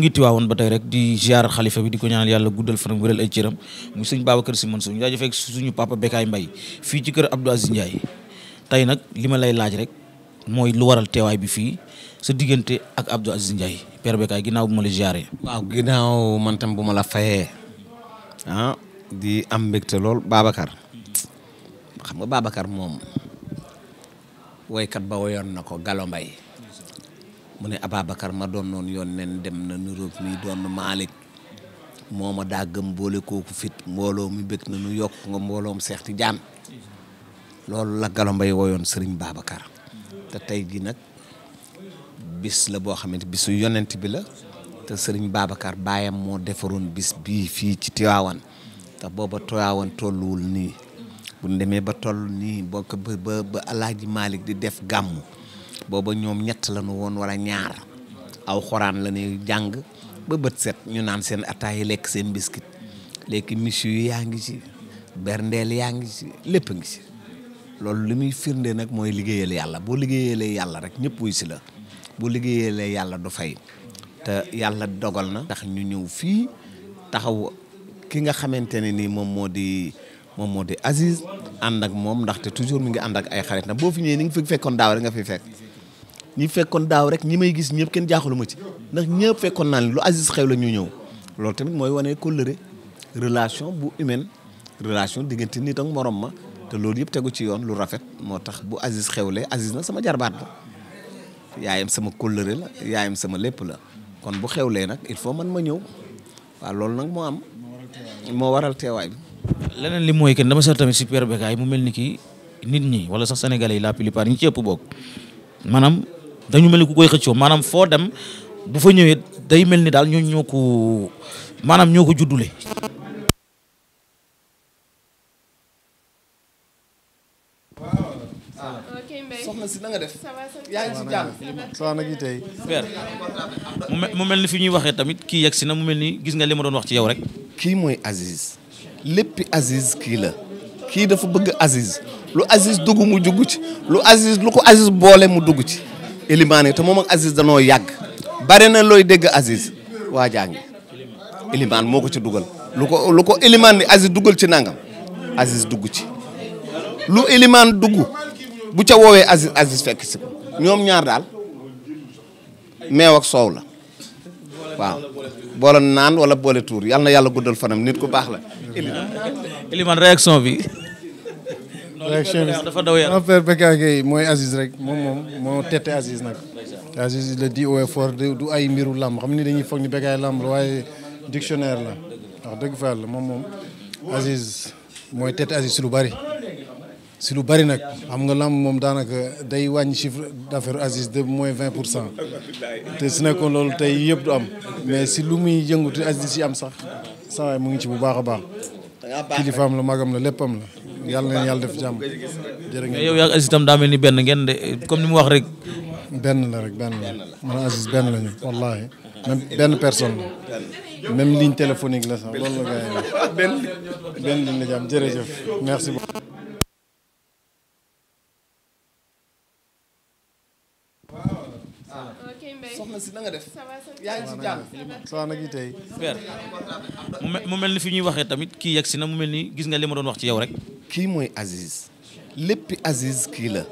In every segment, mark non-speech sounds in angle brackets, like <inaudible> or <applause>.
ngi tiwaawoon ba tey rek di ziar xalifa bi di ko ñaanal yàlla guddal fanam wéral ay cëram mu sëñ Babacar Sy Mansour ñu jaajëfee suñu papa Bekaay Mbaye fii ci kër Abdou Aziz Ndiaye tey nag li ma lay laaj rek mooy lu waral teewaay bi fii sa diggante ak Abdou Aziz Ndiaye père Bekaay ginnaaw bu ma la ziaree. waaw ginnaaw man tam bu ma la fayee ah di am mbégte lool Babacar xam nga Babacar moom woykat ba woyoon na ko Galo Mbaye mu ne Ababacar ma doon yoon nen dem na nuróob mi doon Maalik moo ma daa gëm boole kooku fit mbooloo mi bëgg na nu yokk nga mbooloom Seex ti Tijaan loolu la Gallo Mbaye woyoon Sëriñ Babacar te tey jii nag bis la boo xamante bisu yonent bi la te Sëriñ Babacar baayam moo defaroon bis bii fii ci Tiwaawan te booba Tiwaawan tolluwul nii bu ñu demee ba toll nii bokk ba ba Alaaji Maalik di def gàmmu booba ñoom ñett la nu woon wala ñaar aw xoraan la ñuy jàng ba bët set ñu naan seen ataay lekk seen biskit léegi monsieur yi yaa ngi ci berndeel yaa ngi ci lépp a ngi ci loolu li muy firnde nag mooy liggéeyal yàlla boo liggéeyalee yàlla rek ñëpp wuy si la boo liggéeyalee yàlla du fay te yàlla dogal na ndax ñu ñëw fii taxaw ki nga xamante ne ni moom moo di moom moo di Aziz ànd ak moom ndaxte toujours mi ngi ànd ak ay xarit na boo fi ñëwee ni nga fi fekkoon daaw rek nga fi fekk ñi fekkoon daaw rek ñi may gis ñëpp kenn ma ci ndax ñëpp fekkoon naan lu Aziz xew la ñu ñëw loolu tamit mooy wanee kóllëre relation bu humaine relation diggante nit tam morom ma te loolu yëpp tegu ci yoon lu rafet moo tax bu Aziz xewlee Aziz na sama jarbaat la yaayam sama kóllëre la yaayam sama lépp la kon bu xewlee nag il faut man ma ñëw waaw loolu nag moo am moo waral teewaay bi. leneen li mooy kenn dama seet tamit si Père Bécaye mu mel ni ki nit ñi wala sax sénégalais yi la plupart ñi ci ëpp bokk dañu mel ni ku koy xëccoo maanaam foo dem bu fa ñëwee day mel ni daal ñoo ñoo ko maanaam ñoo ko juddule soxna si na nga def yaa ngi ci jàmm soxna gi mu mel ni fi ñuy waxee tamit kii yegg si na mu mel ni gis nga li ma doon wax ci yow rek kii mooy Aziz lépp Aziz kii la kii dafa bëgg Aziz lu Aziz dugg mu dugg ci lu Aziz lu ko Aziz boole mu dugg ci Elimane te moom ak Aziz danoo yàgg bare na looy dégg Aziz waa jaa ngi Elimane moo ko ca dugal lu ko lu ko Elimane ni Aziz dugal ci nangam Aziz dugg ci lu Elimane dugg bu ca woowee Aziz Aziz fekk si ñoom ñaar daal meew ak soow la waaw boole naan wala boole tuur yàlla na yàlla guddal fanam nit ku baax la Elimane réaction bi dafa daw yaram père Beka mooy Aziz rek moom moom moo tette Aziz nag Aziz le dit haut du ay mbiru làmb xam ni dañuy foog ni Bekaay làmb la waaye dictionnaire la ndax dëgg fa la moom moom Aziz mooy tette lu bari si lu bari nag xam nga làmb moom daanaka day wàññi chiffre daffaire Aziz de mooy vingt pour cent te si nekkoon loolu tey yëpp du am mais si lu muy yëngutu Aziz si am sax saa mu ngi ci bu baax a baax kilifaam la magam la léppam la yàlla na yàlla def jàmm jërë ngeen. mais yow yaa Aziz ni benn ngeen de comme ni mu wax rek. benn la rek benn la man Aziz benn la ñu wallaahi benn personne la même ligne téléphonique la sax loolu la gars yi benn benn ligne la jàmm jërëjëf merci beaucoup. soxna si na def. yaa ngi si jàmm. soxna gi tey. mu mel ni fi ñuy waxee tamit kii yegg si na mu mel ni gis nga li ma doon wax ci yow rek. kii mooy Aziz lépp Aziz kii la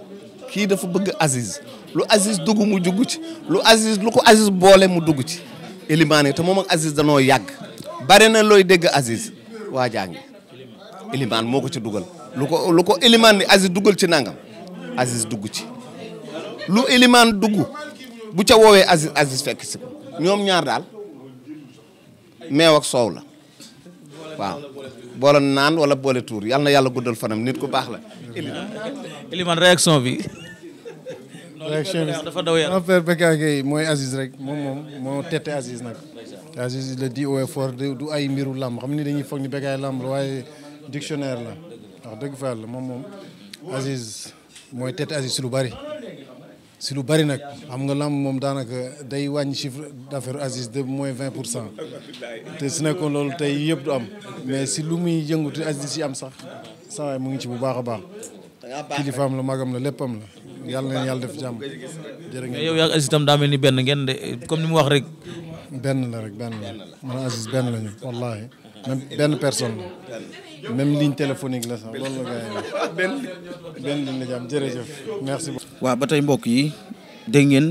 kii dafa bëgg Aziz lu Aziz dugg mu jugg ci lu Aziz lu ko Aziz boole mu dugg ci. Elimane te moom ak Aziz danoo yàgg bare na looy dégg Aziz waa jaa ngi moo ko ci dugal lu ko lu ko Elimane ni dugal ci nangam Aziz dugg ci lu Elimane dugg bu ca woowee Aziz Aziz fekk si ko ñoom ñaar daal meew ak soow la waaw boole naan wala boole tuur yàlla na yàlla guddal fanam nit ku baax la. Elimane réaction bi. réaction bi dafa daw yaram père Bekaay mooy Aziz rek moom moom moo tette Aziz nag. Aziz le di au effort du ay mbiru làmb xam ni dañuy foog ni Bekaay làmb la waaye dictionnaire la wax dëgg fa yàlla moom moom Aziz mooy tette Aziz lu bari. si lu bari nag xam nga lamb moom daanaka day wàññi chiffre d'affaires Aziz de mooy vingt pour cent te si nekkoon loolu tey yëpp du am mais si lu muy yëngutu Aziz yi am sax saa waay mu ngi ci bu baax a baax kilifaam la magam la léppam la yàlla na yàlla def jàmm jërë ngeen yow yaa Aziz tam daa mel ni benn ngeen de comme ni mu wax rek benn la rek benn la man Aziz benn la ñu wallaahi même benn personne la même ligne téléphonique la sax loolu la gars benn jërëjëf merci waaw ba tey mbokk yi dégg ngeen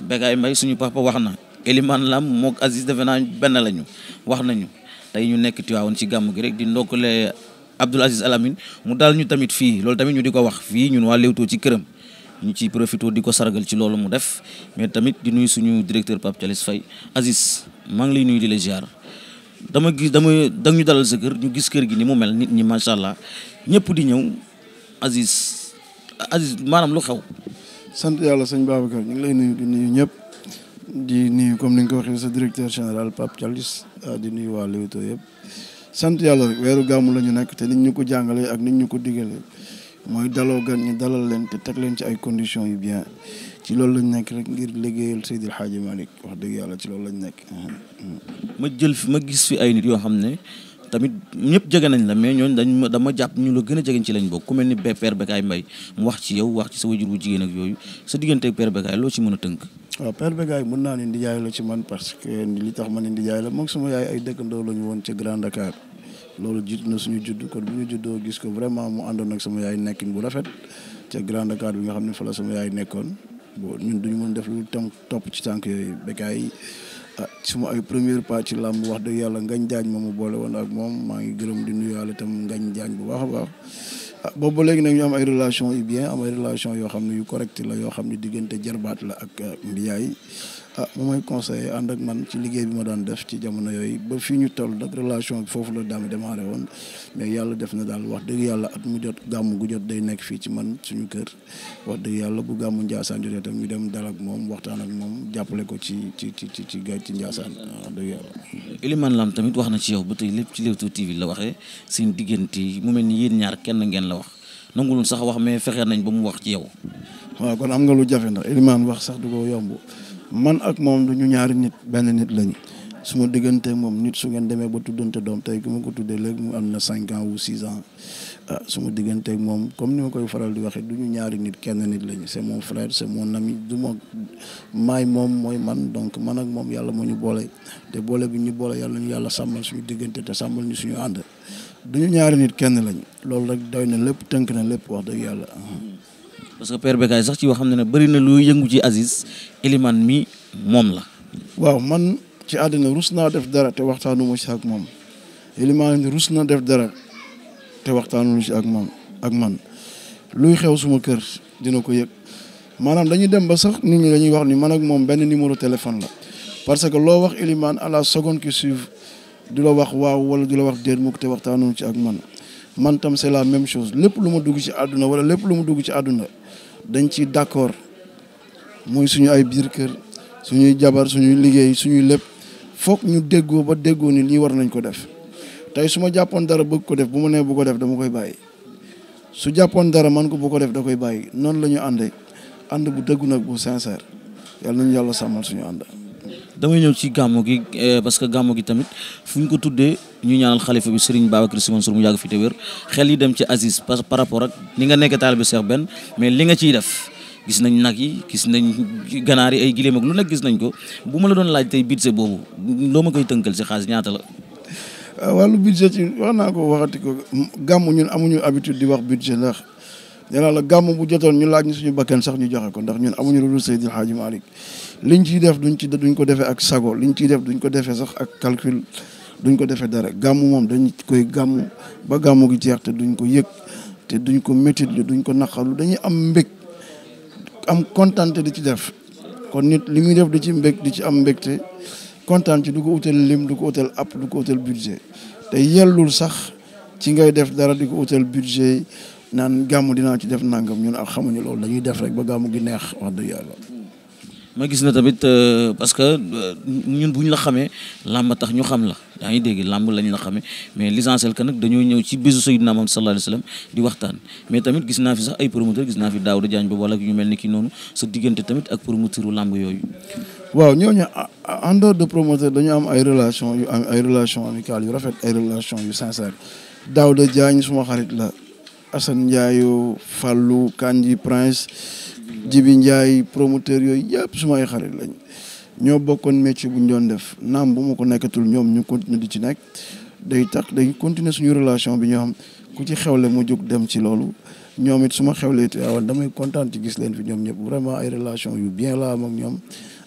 Bécaye Mbaye suñu papa wax na Elimane Lam moog Aziz defe naa benn lañu wax nañu tey ñu nekk Tiwaawoon ci gàmm gi rek di ndokkale Abdoul Aziz Alamine mu daal ñu tamit fii loolu tamit ñu di ko wax fii ñun waa Leewtoo ci këram. ñu ciy profité di ko sargal ci loolu mu def mais tamit di nuyu suñu directeur Pape Thialis Faye Aziz maa ngi lay nuyu di la ziar. dama gis dama dang ñu dalal sa kër ñu gis kër gi ni mu mel nit ñi macha allah ñëpp di ñëw Aziz Aziz maanaam lu xew. sant yàlla sëñ Babacar ñu ngi lay nuyu di nuyu ñëpp di nuyu comme ni nga ko waxee sa directeur général Pape Thialis ah, di nuyu waa Leewtoo yëpp. sant yàlla rek weeru gàmmu la ñu nekk te nit ñu ko jàngalee ak nit ñu ko diggalee mooy daloo gan ñu dalal leen te teg leen ci ay conditions yu bien. ci loolu lañ nekk rek ngir liggéeyal Seydil Hadji Malick wax dëgg yàlla ci loolu lañ nekk. ma jël fi ma gis fi ay nit yoo xam ne tamit ñëpp jege nañ la mais ñooñu dañ ma dama jàpp ñu la gën a jege ci lañ bokk ku mel ni père Bekaay mbay mu wax ci yow wax ci sa wajur wu jigéen ak yooyu sa diggante père Bekaay loo ci mën a tënk. waaw père Bekaay mën naa ne ndijaay la ci man parce que li tax ma ne ndijaay la moom sama yaay ay dëkkandoo la woon ca Grand Dakar. loolu jiitu na suñu judd kon bu ñu juddoo gis ko vraiment mu àndoon ak sama yaay nekkin bu rafet ca Grand bi nga xam ne fa sama yaay nekkoon bon ñun duñu mën def lu tam topp ci tànk yooyu Bécaye ah suma ay premier pas ci làmb wax dëgg yàlla Ngañ Jaañ ma mu boole woon ak moom maa ngi gërëm di nuyaale tam Ngañ Jaañ bu baax a baax ah boobu léegi nag ñu am ay relation yu bien am ay relation yoo xam ne yu correct la yoo xam ne diggante jarbaat la ak eh, mbiyaay ah moom mooy conseiller ànd ak man ci liggéey bi ma daan def ci jamono yooyu ba fii ñu toll nag relation bi foofu la daami démarré woon mais yàlla def na daal wax dëgg yàlla at mu jot gàmm gu jot day nekk fii ci man suñu kër wax dëgg yàlla bu gàmmu Ndiassane jotee tam ñu dem dal moom waxtaan ak moom jàppale ko ci ci ci ci ci gàj ci Ndiassane wax ah, dëgg yàlla Elimane Lam tamit wax na ci yow ba tey lépp ci Leewtoo TV la waxee seen diggante mu mel ni yéen ñaar kenn ngeen la wax nangulun sax a wax mais fexe nañ ba mu wax ci yow waaw kon am nga lu jafe ndax Elimane wax sax man ak moom du ñu ñaari nit benn nit lañu su ma diggante moom nit su ngeen demee ba tuddante doom tey ku ma ko tuddee léegi mu am na cinq ans ou six ans ah su ma digganteeg moom comme ni ma koy faral di waxee du ñu ñaari nit kenn nit lañu c'est mon frère c'est mon ami du ma maay moom mooy man donc man ak moom yàlla moo ñu boole te boole ñu boole yàlla ñu yàlla sàmmal suñu diggante te sàmmal ñu suñu ànd du ñaari nit kenn lañu loolu rek doy na lépp tënk na lépp wax dëgg yàlla. parce que per Bécaye sax ci wax xam ne ne bëri na luy yëngu ci Aziz Eliman mi moom la. waaw man ci àddina rus naa def dara te waxtaanu ma si ak moom Eliman rus na def dara te waxtaanu si ak moom ak man luy xew suma kër dina ko yëg maanaam dañuy dem ba sax nit ñi dañuy wax ni man ak moom benn numéro téléphone la parce que loo wax Eliman à la seconde qui suit du la wax waaw wala du la wax déet mu te waxtaanu ci ak man. man tam c'est la même chose lépp lu ma dugg ci àdduna wala lépp lu ma dugg ci àdduna dañ ci d'accord muy suñu ay biir kër suñuy jabar suñuy liggéey suñuy lépp foog ñu déggoo ba déggoo ni lii war nañ ko def tey su ma jàppoon dara bëgg ko def bu ma nee bu ko def dama koy bàyyi su jàppoon dara man ko bu ko def da koy bàyyi noonu la ñu àndee ànd bu dëggu nag bu sincère yal nañu yàlla sàmmal suñu ànd damay ñëw ci gàmmu gi eh, parce que gàmmu gi tamit fu ñu ko tuddee ñu ñaanal xalifa bi Serigne Babacar Sy Mansour mu yàgg fi te wér xel yi dem ci Aziz parce que par rapport ak ni nga nekk taalibe Cheikh benn mais li nga ciy def gis nañ nag yi gis nañ ganaar yi ay gileem ak lu nekk gis nañ ko bu ma la doon laaj tey budget boobu loo ma koy tënkal si xaalis ñaata la. Ah, wàllu budget ci wax naa ko waxati ko gàmmu ñun amuñu habitude di wax budget ndax nee la gàmm bu jotoon ñu laa ñu suñu bakkan sax ñu joxe ko ndax ñun amuñu lu dul Seydil Hadji Malick liñ ciy def duñ ci duñ ko defee ak sago liñ ciy def duñ ko defee sax ak calcul duñ ko defee dara gàmm moom dañ koy gàmm ba gàmm gi jeex te duñ ko yëg te duñ ko métit lu duñ ko naqarlu dañuy am mbég am kontante di ci def kon nit li muy def di ci mbég di ci am mbégte kontaan ci du ko utal lim du ko utal app du ko utal budget te yellul sax ci ngay def dara di ko utal budget naan gàmm dinaa ci def nangam ñun ak xamuñu loolu dañuy def rek ba gàmm gi neex wax dëgg yàlla. ma gis na tamit euh, parce que euh, ñun bu ñu la xamee làmb tax ñu xam la yaa ngi dégg làmb lañ la xamee mais l'essentiel que nag dañoo ñëw ci bésu Sayyidina Muhammad sallallahu alayhi wasallam di waxtaan mais tamit gis naa fi sax ay promoteur gis naa fi Daouda Diagne boobu wala ñu mel ni ki noonu sa diggante tamit ak promoteur làmb yooyu. waaw ñooñu en dehors de promoteur dañu am ay relation yu ay relation amicale yu rafet ay relation yu sincère Daouda Diagne suma xarit la. Assane Ndiaye Fallou Kanji Prince Jibi Ndiaye promoteur yooyu yëpp suma ay xarit lañ ñoo bokkoon métier bu ñu doon def naam bu ma ko nekkatul ñoom ñu continuer di ci nekk day tax day continuer suñu relation bi ñoo xam ku ci xewle mu jóg dem ci loolu ñoom it su ma xewlee Tiwaawan damay kontaan ci gis leen fi ñoom ñëpp vraiment ay relation yu bien la am ak ñoom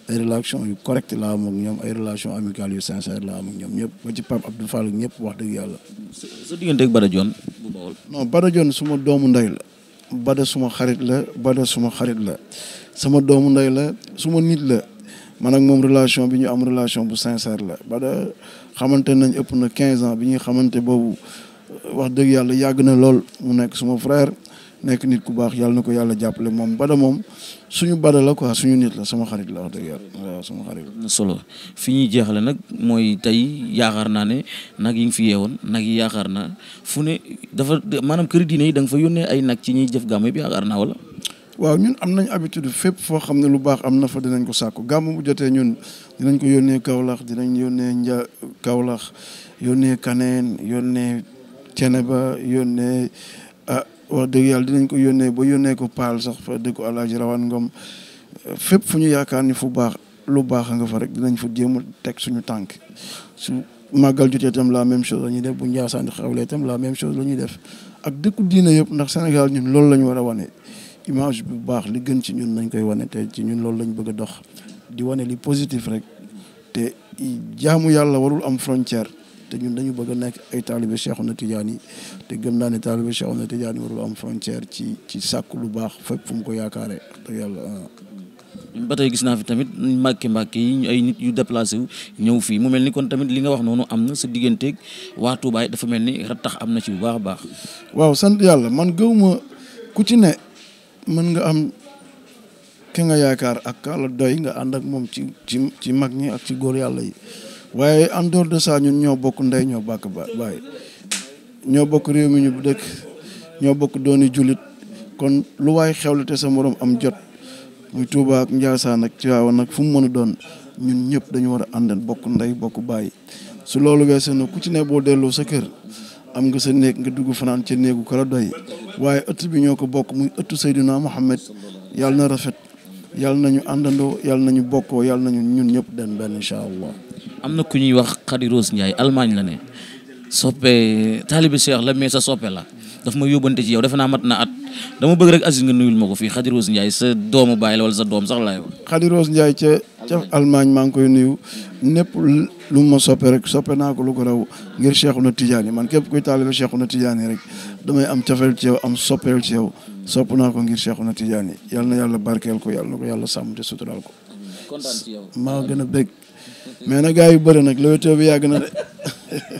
ay relation yu correct la am ak ñoom ay relation amicale yu sincère la am ak ñoom ñëpp ba ci Pape Abdou ñëpp wax dëgg yàlla. sa diggante ak Bada Dione bu Bawol. non Bada Dione suma doomu ndey la. Bada suma xarit la Bada suma xarit la sama doomu ndey la suma nit la man ak moom relation bi ñu am relation bu sincère la Bada xamante nañ ëpp na 15 ans bi ñuy xamante boobu wax dëgg yàlla yàgg na lool mu nekk suma frère. nekk nit ku baax yàlla na ko yàlla jàppale moom bada moom suñu bada la quoi suñu nit la sama xarit la dëgg yàlla waaw sama xarit solo fi ñuy jeexale nag mooy tey yaakaar naa ne nag yi nga fi yeewoon nag yi yaakaar naa fu ne dafa maanaam kër diine yi fa yónnee ay nag ci ñuy jëf gàmm bi yaakaar naa wala. waaw ñun am nañ habitude fépp foo xam ne lu baax am na fa dinañ ko sàkku gàmm bu jotee ñun dinañ ko yónnee Kaolack dinañ yónnee Nja Kaolack yónnee Kaneen yónnee Ceneba yónnee ah wax dëgg yàlla dinañ ko yónnee ba yónnee ko paal sax fa dëgg ko alaaji rawaan ngom fépp fu ñu yaakaar ni fu baax lu baax nga fa rek dinañ fa jéem a teg suñu tànk su màggal jotee itam la même chose la ñuy def bu njaasaan xewlee itam la même chose la ñuy def ak dëkku diina yëpp ndax Sénégal ñun loolu lañu ñu war a wane image bu baax li gën ci ñun lañ koy wane te ci ñun loolu lañ bëgg a dox di wane li positif rek te jaamu yàlla warul am frontière te ñun dañu bëgg a nekk ay taalibe Cheikhouna Tidiane yi te gëm naa ne taalibe Cheikhouna Tidiane yi warul am frontière ci ci sàkk lu baax fépp fu mu ko yaakaaree te yàlla ah. ba tey gis naa fi tamit mbàkki mbàkki yi ay nit yu déplacé wu ñëw fii mu mel ni kon tamit li nga wax noonu am na sa digganteeg waa Touba dafa mel ni rattax am na ci bu baax a baax. waaw sant yàlla man gëw ma ku ci ne mën nga am ki nga yaakaar ak kala doy nga ànd ak moom ci ci ci mag ñi ak ci góor yàlla yi. waaye en dehors de ça ñun ñoo bokk ndey ñoo bàkk ba baay ñoo bokk réew mi ñu dëkk ñoo bokk dooni jullit kon lu waay xewle te sa morom am jot muy Touba ak Ndiassane ak Tivaouane nag fu mu mën a doon ñun ñëpp dañu war a àndal bokk ndey bokk baay su loolu weesoo na ku ci boo delloo sa kër am sa néeg nga dugg fanaan ca néegu kala doy waaye ëtt bi ñoo ko bokk muy ëttu Seydina Mohamed yàlla na rafet yàlla nañu àndandoo yàlla nañu bokkoo yàlla nañu ñun ñëpp den benn incha allah am na ku ñuy wax Khady Rose Ndiaye Allemagne la ne soppe taalibe Cheikh la mais sa soppe la daf ma yóbbante ci yow defe naa mat na at dama bëgg rek Aziz nga nuyul ma ko fii Khady Rose Ndiaye sa doomu baay la wala sa doom sax laay wax. Khady Rose Ndiaye ca ca Allemagne maa ngi koy nuyu népp lu ma soppe rek soppe naa ko lu ko raw ngir Cheikhouna Tidiane man képp kuy taalibe Cheikhouna Tidiane rek damay am cafeel ci yow am soppeel ci yow sopp naa ko ngir Cheikhouna Tidiane yal na yàlla barkeel ko yal na ko yàlla ko. kontaan ci yow maa gën mais na gars yu bëri nag Leewtoo bi yàgg na de. <laughs>